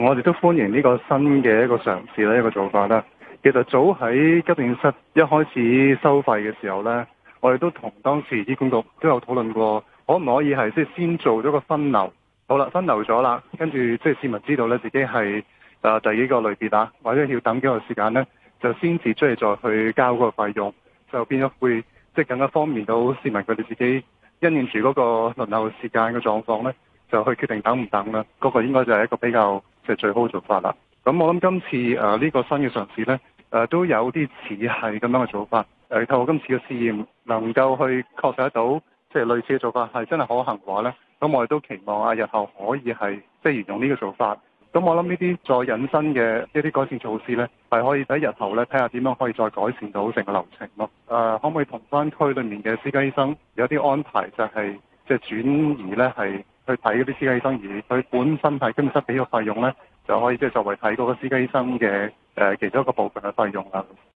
我哋都歡迎呢個新嘅一個嘗試呢，一個做法啦。其實早喺急症室一開始收費嘅時候呢，我哋都同當時醫管局都有討論過，可唔可以係即係先做咗個分流。好啦，分流咗啦，跟住即係市民知道呢自己係誒第幾個類別啦，或者要等幾個時間呢，就先至出嚟，再去交個費用，就變咗會即係更加方便到市民佢哋自己因應住嗰個輪候時間嘅狀況呢，就去決定等唔等啦。嗰、嗰個應該就係一個比較。最好嘅做法啦。咁我諗今次誒呢、呃呢個新嘅嘗試呢，誒、呃、都有啲似係咁樣嘅做法。誒、呃、透過今次嘅試驗，能夠去確實得到即係類似嘅做法係真係可行嘅話呢，咁我哋都期望啊日後可以係即係沿用呢個做法。咁我諗呢啲再引申嘅一啲改善措施呢，係可以喺日後呢睇下點樣可以再改善到成個流程咯。誒、呃、可唔可以同翻區裏面嘅私家醫生有啲安排，就係，就係即係轉移呢係？去睇嗰啲私家醫生，而佢本身喺診室俾嘅費用咧，就可以即係作為睇嗰個私家醫生嘅誒其中一個部分嘅費用啦。